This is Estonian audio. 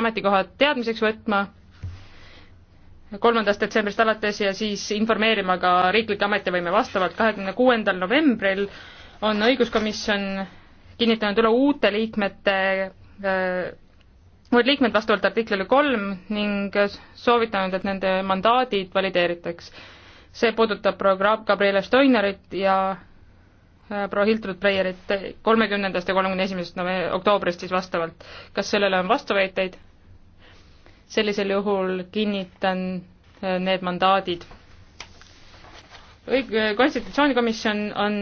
ametikohad teadmiseks võtma kolmandast detsembrist alates ja siis informeerima ka riiklikke ametivõime vastavalt. kahekümne kuuendal novembril on õiguskomisjon kinnitanud üle uute liikmete äh, uued liikmed vastavalt artiklile kolm ning soovitanud, et nende mandaadid valideeritaks. see puudutab programm Gabriele Steinarit ja äh, proua Hiltrud Breierit kolmekümnendast ja kolmekümne esimesest oktoobrist siis vastavalt. kas sellele on vastuväiteid? sellisel juhul kinnitan äh, need mandaadid. õig-, äh, konstitutsioonikomisjon on